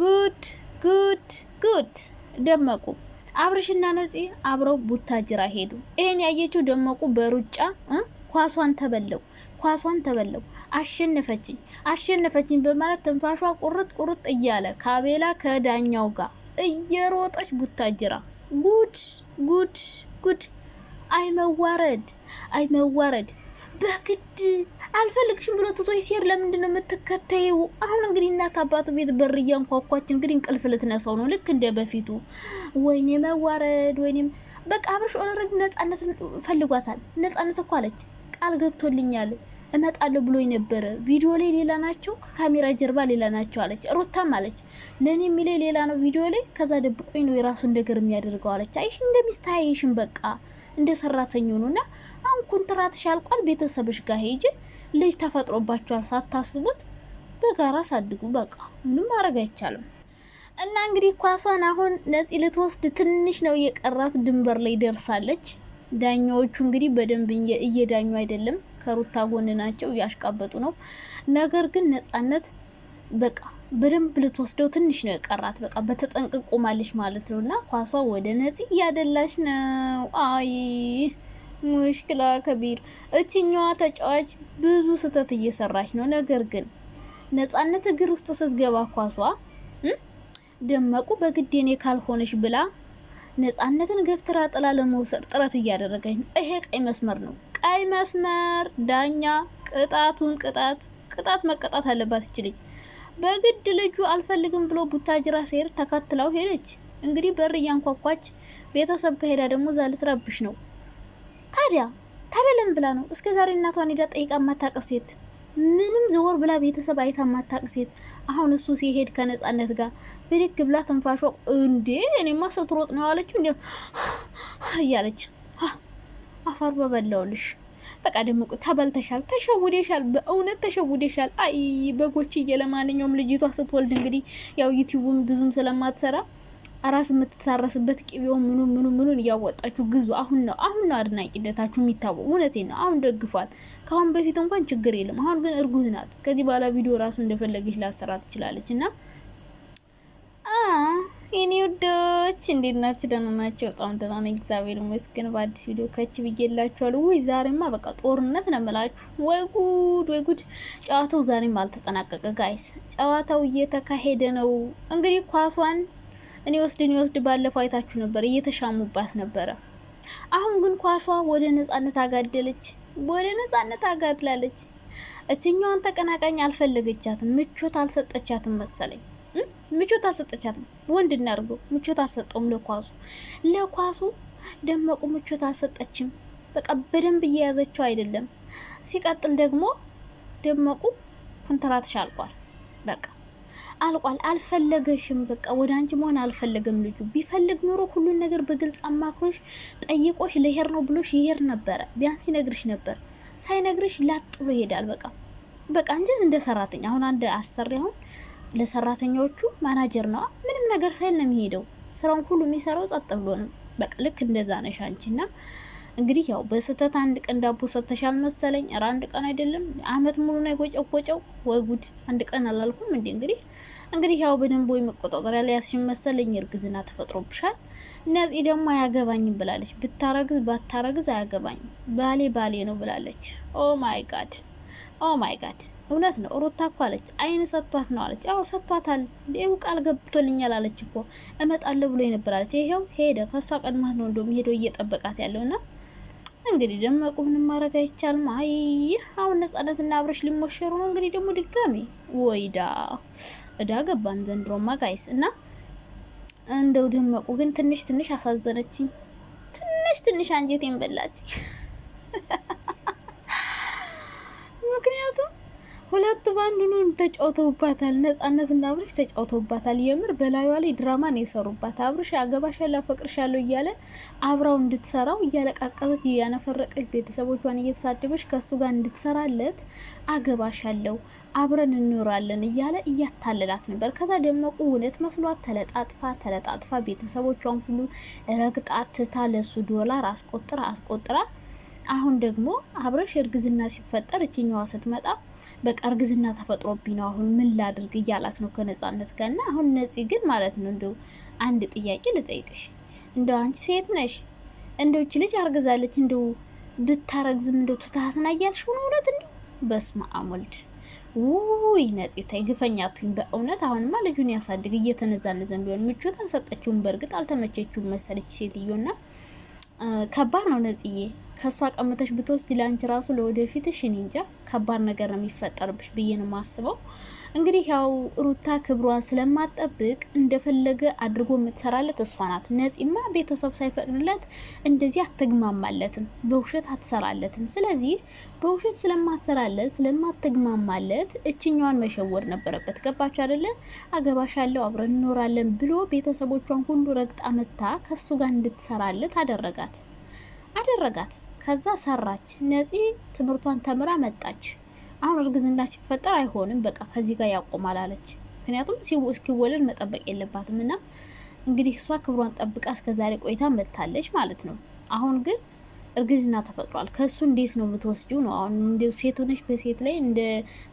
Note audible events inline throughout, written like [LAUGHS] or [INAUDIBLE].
ጉድ ጉድ ጉድ ደመቁ አብርሽና ነፂ አብረው ቡታጅራ ሄዱ። ይሄን ያየችው ደመቁ በሩጫ ኳሷን ተበለው ኳሷን ተበለው አሸነፈችኝ አሸነፈችኝ በማለት ትንፋሿ ቁርጥ ቁርጥ እያለ ካቤላ ከዳኛው ጋር እየሮጠች ቡታጅራ። ጉድ ጉድ ጉድ! አይ መዋረድ! በግድ አልፈልግሽም ብሎ ትቶ ሲሄድ ለምንድን ነው የምትከተየው? አሁን እንግዲህ እናት አባቱ ቤት በር እያንኳኳች እንግዲህ እንቅልፍ ልትነሳው ነው፣ ልክ እንደ በፊቱ። ወይኔ መዋረድ፣ ወይኔም በቃ አብርሽ ኦልሬዲ ነጻነት ፈልጓታል። ነጻነት እኮ አለች ቃል ገብቶልኛል እመጣለሁ ብሎ የነበረ ቪዲዮ ላይ ሌላ ናቸው፣ ከካሜራ ጀርባ ሌላ ናቸው አለች። ሩታም አለች ለእኔ የሚለኝ ሌላ ነው ቪዲዮ ላይ፣ ከዛ ደብቆኝ ነው የራሱን ነገር የሚያደርገው አለች። አይሽ እንደሚስት በቃ እንደ ሰራተኛ ሆኑና አሁን ኮንትራትሽ አልቋል፣ ቤተሰብሽ ጋር ሄጂ፣ ልጅ ተፈጥሮባቸዋል፣ ሳታስቡት በጋራ ሳድጉ። በቃ ምንም ማድረግ አይቻልም። እና እንግዲህ ኳሷን አሁን ነፂ ልትወስድ ትንሽ ነው የቀራት፣ ድንበር ላይ ደርሳለች። ዳኛዎቹ እንግዲህ በደንብ እየዳኙ አይደለም፣ ከሩታ ጎን ናቸው፣ እያሽቃበጡ ነው። ነገር ግን ነፃነት በቃ በደንብ ልትወስደው ትንሽ ነው የቀራት። በቃ በተጠንቀቅ ቆማለች ማለት ነው። እና ኳሷ ወደ ነፂ እያደላች ነው። አይ ሙሽክላ ከቢር። እችኛዋ ተጫዋች ብዙ ስህተት እየሰራች ነው። ነገር ግን ነፃነት እግር ውስጥ ስትገባ ኳሷ ደመቁ በግዴኔ ካልሆነች ብላ ነፃነትን ገፍትራ ጥላ ለመውሰድ ጥረት እያደረገች ነው። ይሄ ቀይ መስመር ነው። ቀይ መስመር። ዳኛ ቅጣቱን ቅጣት ቅጣት መቀጣት አለባት እች ልጅ በግድ ልጁ አልፈልግም ብሎ ቡታጅራ ሲሄድ ተከትለው ሄደች። እንግዲህ በር እያንኳኳች ቤተሰብ ከሄዳ ደግሞ እዛ ልትረብሽ ነው። ታዲያ ተለለም ብላ ነው እስከ ዛሬ እናቷን ሄዳ ጠይቃ ማታውቅ ሴት፣ ምንም ዘወር ብላ ቤተሰብ አይታ ማታውቅ ሴት። አሁን እሱ ሲሄድ ከነጻነት ጋር ብድግ ብላ ትንፋሾ፣ እንዴ እኔማ ስትሮጥ ነው አለችው እንዲ [SIGHS] እያለች አፈር በበላውልሽ በቃ ደግሞ ተበልተሻል፣ ተሸውደሻል፣ በእውነት ተሸውደሻል። አይ በጎችዬ፣ ለማንኛውም ልጅቷ ስትወልድ እንግዲህ ያው ዩቲዩብም ብዙም ስለማትሰራ አራስ የምትታረስበት ቅቤው ምኑ ምኑ ምኑን እያወጣችሁ ግዙ። አሁን ነው አሁን ነው አድናቂነታችሁ የሚታወቅ። እውነቴ ነው። አሁን ደግፏት። ከአሁን በፊት እንኳን ችግር የለም። አሁን ግን እርጉዝ ናት። ከዚህ በኋላ ቪዲዮ ራሱ እንደፈለገች ላሰራ ትችላለች እና የኔ ውዶች እንዴት ናችሁ? ደህና ናቸው? በጣም ደህና ነኝ፣ እግዚአብሔር ይመስገን። በአዲስ ቪዲዮ ከች ብዬላችኋለሁ። ወይ ዛሬማ በቃ ጦርነት ነው የምላችሁ። ወይ ጉድ፣ ወይ ጉድ! ጨዋታው ዛሬም አልተጠናቀቀ ጋይስ፣ ጨዋታው እየተካሄደ ነው። እንግዲህ ኳሷን እኔ ወስድ እኔ ወስድ፣ ባለፈው አይታችሁ ነበር፣ እየተሻሙባት ነበረ። አሁን ግን ኳሷ ወደ ነጻነት አጋደለች፣ ወደ ነጻነት አጋድላለች። እችኛዋን ተቀናቃኝ አልፈለገቻትም፣ ምቾት አልሰጠቻትም መሰለኝ ምቾት አልሰጠቻትም። ወንድ እናድርጎ ምቾት አልሰጠውም። ለኳሱ ለኳሱ ደመቁ ምቾት አልሰጠችም። በቃ በደንብ እየያዘችው አይደለም። ሲቀጥል ደግሞ ደመቁ ኮንትራትሽ አልቋል፣ በቃ አልቋል። አልፈለገሽም፣ በቃ ወደ አንቺ መሆን አልፈለገም። ልጁ ቢፈልግ ኑሮ ሁሉን ነገር በግልጽ አማክሮሽ ጠይቆሽ ለሄር ነው ብሎሽ ይሄር ነበረ። ቢያንስ ይነግርሽ ነበር። ሳይነግርሽ ላጥ ብሎ ይሄዳል። በቃ በቃ እንጂ እንደ ሰራተኛ አሁን አንድ አሰሪ አሁን ለሰራተኛዎቹ ማናጀር ነዋ። ምንም ነገር ሳይል ነው የሚሄደው። ስራውን ሁሉ የሚሰራው ጸጥ ብሎ ነው። በቃ ልክ እንደዛ ነሽ አንቺ ና እንግዲህ ያው በስህተት አንድ ቀን ዳቦ ሰጥተሻል መሰለኝ። ኧረ አንድ ቀን አይደለም አመት ሙሉ ነው ጎጨው። ወይ ጉድ! አንድ ቀን አላልኩም እንዴ? እንግዲህ እንግዲህ ያው በደንብ ወይ መቆጣጠሪያ ላይ ያስሽን መሰለኝ እርግዝና ተፈጥሮብሻል። እነዚህ ደግሞ አያገባኝም ብላለች። ብታረግዝ ባታረግዝ አያገባኝም፣ ባሌ ባሌ ነው ብላለች። ኦ ማይ ጋድ! ኦ ማይ ጋድ! እውነት ነው። ሩታ እኮ አለች አይን ሰጥቷት ነው አለች። አዎ ሰጥቷታል። ይኸው ቃል ገብቶልኛል አለች እኮ እመጣለሁ ብሎ ነበር አለች። ይሄው ሄደ። ከእሷ ቀድማት ነው እንደውም ሄዶ እየጠበቃት ና እንግዲህ ደመቁ ምንም ማድረግ አይቻልም። አይ አሁን ነጻነትና አብረሽ ሊሞሸሩ ነው እንግዲህ ደግሞ ድጋሚ ወይዳ እዳ ገባን ዘንድሮማ ጋይስ እና እንደው ደመቁ ግን ትንሽ ትንሽ አሳዘነችኝ። ትንሽ ትንሽ አንጀቴን በላች። [LAUGHS] ሁለቱ በአንዱን ተጫውተውባታል። እና አብርሽ ተጫውተውባታል። የምር በላዩ ላይ ድራማ ነው የሰሩባት። አብርሽ አገባሻለሁ፣ አፈቅርሻለሁ እያለ አብራው እንድትሰራው እያለቃቀሰች እያነፈረቀች ቤተሰቦቿን እየተሳደበች ከእሱ ጋር እንድትሰራለት አገባሻለሁ፣ አብረን እንኖራለን እያለ እያታለላት ነበር። ከዛ ደመቁ እውነት መስሏት ተለጣጥፋ ተለጣጥፋ ቤተሰቦቿን ሁሉ ረግጣ ትታ ለሱ ዶላር አስቆጥራ አስቆጥራ አሁን ደግሞ አብረሽ እርግዝና ሲፈጠር እችኛዋ ስትመጣ በቃ እርግዝና ተፈጥሮብኝ ነው አሁን ምን ላድርግ እያላት ነው ከነጻነት ጋር እና አሁን ነፂ ግን ማለት ነው እንደው አንድ ጥያቄ ልጠይቅሽ እንደው አንቺ ሴት ነሽ እንደው እች ልጅ አርግዛለች እንደው ብታረግዝም እንደው ትታትና እያልሽ ሆነ እውነት እንደው በስመ አብ ወልድ ውይ ነፂ ተይ በእውነት አሁንማ ልጁን ያሳድግ እየተነዛነዘን ቢሆን ምቾት አልሰጠችውም በእርግጥ አልተመቸችውም መሰለች ሴትዮና ከባድ ነው ነፂዬ ከእሷ ቀምተሽ ብትወስድ ላንቺ ራሱ ለወደፊትሽ እኔ እንጃ ከባድ ነገር ነው የሚፈጠርብሽ ብዬ ነው የማስበው። እንግዲህ ያው ሩታ ክብሯን ስለማጠብቅ እንደፈለገ አድርጎ የምትሰራለት እሷ ናት። ነጺማ ቤተሰብ ሳይፈቅድለት እንደዚህ አትግማማለትም፣ በውሸት አትሰራለትም። ስለዚህ በውሸት ስለማትሰራለት ስለማትግማማለት እችኛዋን መሸወር ነበረበት። ገባችሁ አይደለ? አገባሻለሁ አብረን እንኖራለን ብሎ ቤተሰቦቿን ሁሉ ረግጣ መታ ከሱ ጋር እንድትሰራለት አደረጋት አደረጋት። ከዛ ሰራች። ነፂ ትምህርቷን ተምራ መጣች። አሁን እርግዝና ሲፈጠር አይሆንም በቃ ከዚህ ጋር ያቆማል አለች። ምክንያቱም እስኪወለድ መጠበቅ የለባትም እና እንግዲህ እሷ ክብሯን ጠብቃ እስከዛሬ ቆይታ መጥታለች ማለት ነው። አሁን ግን እርግዝና ተፈጥሯል። ከእሱ እንዴት ነው የምትወስጂው ነው። አሁን ሴት ሆነች በሴት ላይ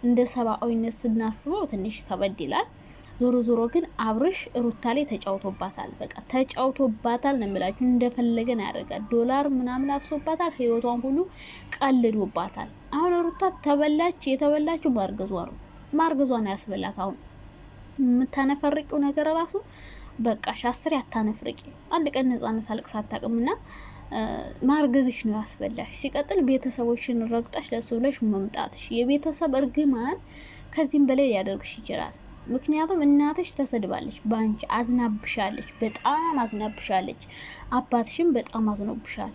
እንደ ሰብአዊነት ስናስበው ትንሽ ከበድ ይላል። ዞሮ ዞሮ ግን አብርሽ ሩታ ላይ ተጫውቶባታል። በቃ ተጫውቶባታል ነው የምላችሁ። ነው ያደርጋል። ዶላር ምናምን አፍሶባታል። ህይወቷን ሁሉ ቀልዶባታል። አሁን ሩታ ተበላች። የተበላችው ማርገዟ ነው። ማርገዟ ነው ያስበላት። አሁን የምታነፈርቂው ነገር ራሱ በቃ ሻስር ያታነፍርቂ። አንድ ቀን ነጻነት አልቅሳ አታውቅምና ማርገዝሽ ነው ያስበላሽ። ሲቀጥል ቤተሰቦችን ረግጠሽ ለሱ ብለሽ መምጣትሽ የቤተሰብ እርግማን ከዚህም በላይ ሊያደርግሽ ይችላል። ምክንያቱም እናትሽ ተሰድባለች፣ በአንቺ አዝናብሻለች፣ በጣም አዝናብሻለች። አባትሽም በጣም አዝኖብሻል፣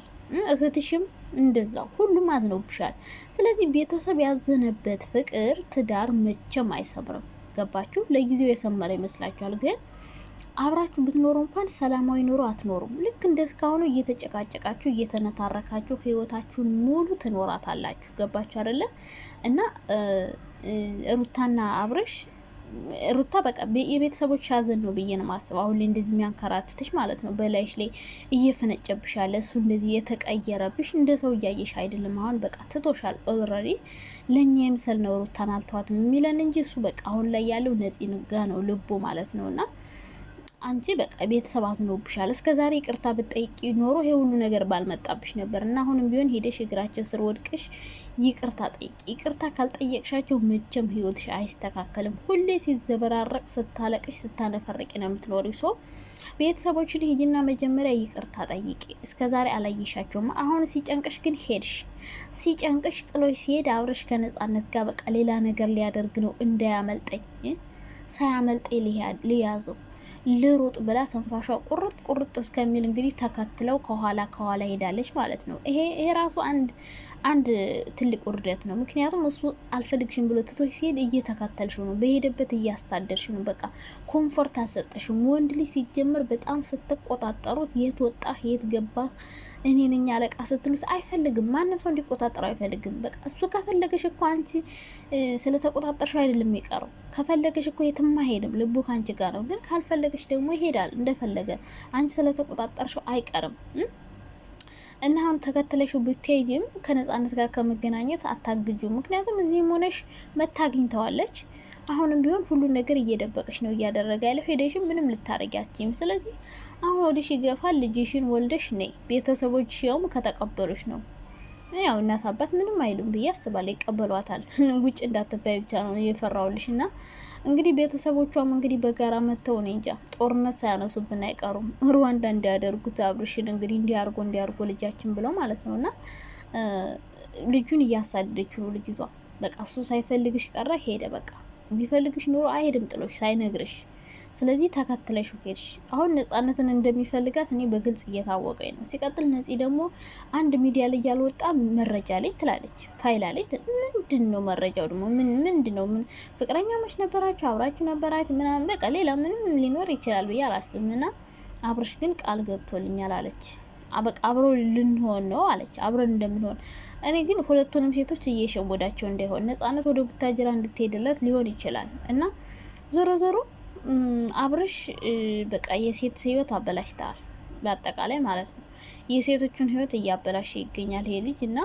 እህትሽም እንደዛው ሁሉም አዝኖብሻል። ስለዚህ ቤተሰብ ያዘነበት ፍቅር ትዳር መቼም አይሰምርም። ገባችሁ? ለጊዜው የሰመረ ይመስላችኋል ግን አብራችሁ ብትኖሩ እንኳን ሰላማዊ ኑሮ አትኖሩም። ልክ እንደ እስካሁኑ እየተጨቃጨቃችሁ እየተነታረካችሁ ህይወታችሁን ሙሉ ትኖራታላችሁ። ገባችሁ አይደለ? እና ሩታና አብረሽ ሩታ በቃ የቤተሰቦች ሀዘን ነው ብዬ ነው ማስብ። አሁን ላይ እንደዚህ የሚያንከራትትሽ ማለት ነው በላይሽ ላይ እየፈነጨብሻለ እሱ እንደዚህ የተቀየረብሽ እንደ ሰው እያየሽ አይደለም። አሁን በቃ ትቶሻል ኦልሬዲ። ለእኛ የምስል ነው ሩታን አልተዋትም የሚለን እንጂ እሱ በቃ አሁን ላይ ያለው ነፂ ንጋ ነው ልቡ ማለት ነው እና አንቺ በቃ ቤተሰብ አዝኖብሻል። እስከ ዛሬ ይቅርታ ብትጠይቂ ኖሮ ይሄ ሁሉ ነገር ባልመጣብሽ ነበር እና አሁንም ቢሆን ሄደሽ እግራቸው ስር ወድቅሽ ይቅርታ ጠይቂ። ይቅርታ ካልጠየቅሻቸው መቼም ህይወትሽ አይስተካከልም። ሁሌ ሲዘበራረቅ፣ ስታለቅሽ፣ ስታነፈርቂ ነው የምትኖሪው። ሰው ቤተሰቦችን ሂጂና መጀመሪያ ይቅርታ ጠይቂ። እስከ ዛሬ አላየሻቸውም። አሁን ሲጨንቅሽ ግን ሄድሽ። ሲጨንቅሽ ጥሎሽ ሲሄድ አብረሽ ከነጻነት ጋር በቃ ሌላ ነገር ሊያደርግ ነው። እንዳያመልጠኝ ሳያመልጤ ሊያዘው ልሩጥ ብላ ትንፋሿ ቁርጥ ቁርጥ እስከሚል እንግዲህ ተከትለው ከኋላ ከኋላ ሄዳለች ማለት ነው። ይሄ ይሄ ራሱ አንድ አንድ ትልቅ ውርደት ነው። ምክንያቱም እሱ አልፈልግሽም ብሎ ትቶ ሲሄድ እየተከተልሽ ነው፣ በሄደበት እያሳደርሽ ነው። በቃ ኮንፎርት አልሰጠሽም። ወንድ ልጅ ሲጀምር በጣም ስትቆጣጠሩት የት ወጣህ የት ገባህ እኔ ነኝ አለቃ ስትሉት አይፈልግም። ማንም ሰው እንዲቆጣጠረው አይፈልግም። በቃ እሱ ከፈለገሽ እኮ አንቺ ስለተቆጣጠርሽው አይደለም የሚቀረው። ከፈለገሽ እኮ የትም አይሄድም። ልቡ ከአንቺ ጋር ነው። ግን ካልፈለገ ከፈለገች ደግሞ ይሄዳል እንደፈለገ። አንቺ ስለተቆጣጠርሽው አይቀርም እና አሁን ተከትለሽው ብትይም ከነጻነት ጋር ከመገናኘት አታግጁ። ምክንያቱም እዚህም ሆነሽ መታግኝተዋለች። አሁንም ቢሆን ሁሉ ነገር እየደበቀች ነው እያደረገ ያለው። ሄደሽም ምንም ልታረጊያችም። ስለዚህ አሁን ወደሽ ይገፋል። ልጅሽን ወልደሽ ነይ። ቤተሰቦች ያውም ከተቀበሉሽ ነው ያው እናት አባት ምንም አይሉም ብዬ አስባለሁ፣ ይቀበሏታል። [LAUGHS] ውጭ እንዳትባይ ብቻ ነው እየፈራውልሽ እና እንግዲህ ቤተሰቦቿም እንግዲህ በጋራ መጥተው ነው እንጃ ጦርነት ሳያነሱብን አይቀሩም። ሩዋንዳ እንዲያደርጉት አብርሽን እንግዲህ እንዲያርጎ እንዲያርጎ ልጃችን ብለው ማለት ነው። እና ልጁን እያሳደደች ነው ልጅቷ። በቃ እሱ ሳይፈልግሽ ቀረ ሄደ። በቃ ቢፈልግሽ ኑሮ አይሄድም ጥሎሽ ሳይነግርሽ ስለዚህ ተከትለሽ ሄድሽ። አሁን ነጻነትን እንደሚፈልጋት እኔ በግልጽ እየታወቀኝ ነው። ሲቀጥል ነፂ ደግሞ አንድ ሚዲያ ላይ ያልወጣ መረጃ ላይ ትላለች፣ ፋይል ላይ ምንድን ነው መረጃው ደግሞ ምን ምንድን ነው? ምን ፍቅረኛሞች ነበራችሁ? አብራችሁ ነበራችሁ? ምናምን በቃ ሌላ ምንም ሊኖር ይችላል ብዬ አላስብም። ና አብርሽ ግን ቃል ገብቶልኛል አለች በቃ አብሮ ልንሆን ነው አለች። አብረን እንደምንሆን እኔ ግን ሁለቱንም ሴቶች እየሸወዳቸው እንዳይሆን ነጻነት ወደ ቡታጅራ እንድትሄድለት ሊሆን ይችላል እና ዞሮ ዞሮ አብርሽ በቃ የሴት ህይወት አበላሽታል። በአጠቃላይ ማለት ነው። የሴቶቹን ህይወት እያበላሸ ይገኛል ይሄ ልጅ እና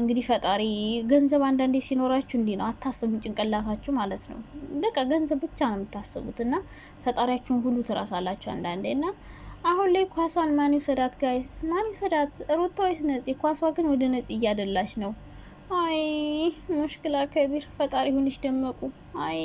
እንግዲህ ፈጣሪ ገንዘብ አንዳንዴ ሲኖራችሁ እንዲህ ነው፣ አታስቡ ጭንቅላታችሁ ማለት ነው። በቃ ገንዘብ ብቻ ነው የምታስቡት እና ፈጣሪያችሁን ሁሉ ትረሳላችሁ አንዳንዴ እና አሁን ላይ ኳሷን ማን ይውሰዳት? ጋይስ ማን ይውሰዳት? ሩታ ወይስ ነፂ? ኳሷ ግን ወደ ነፂ እያደላች ነው። አይ ሙሽክላ ከቢር ፈጣሪ ሁንሽ ደመቁ አይ